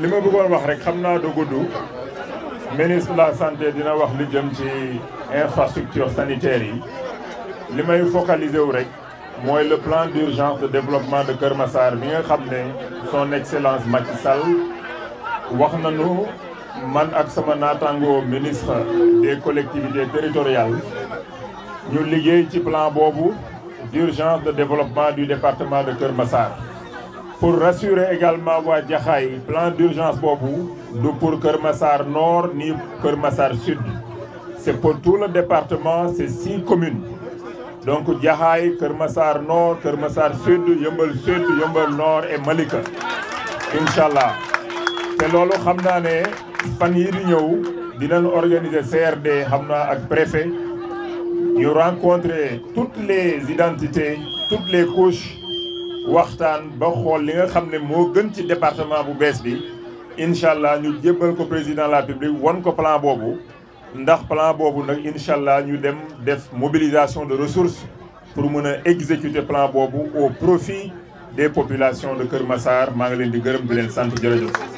li ma wax rek du ministre de la santé dina wax lu infrastructure sanitaire yi li le plan d'urgence de développement de Kermassar. Massar bi son excellence Macky Sall wax nañu man ministre des collectivités territoriales ñu liggéey ci plan d'urgence de développement du département de Kermassar pour rassurer également wa plan d'urgence vous, du pour Kermassar Nord ni Kermassar Sud c'est pour tout le département c'est six communes donc Jaxaay Kër Nord Kermassar Sud Yëmbal Sud Yëmbal Nord et Malika Inshallah, C'est lolu xamna né fan yi di ñëw organiser CRD xamna ak préfet rencontrer toutes les identités toutes les couches waxtaan ba xool li nga xam ne moo gën ci département bu bees bi nous ñu jébbal ko président de la République won ko plan boobu ndax plan boobu nag Inshallah ñu dem def mobilisation de ressources pour mën a exécuter plan boobu au profit des populations de Kër Massar maa ngi leen di gërëm di leen sant jërëjëf.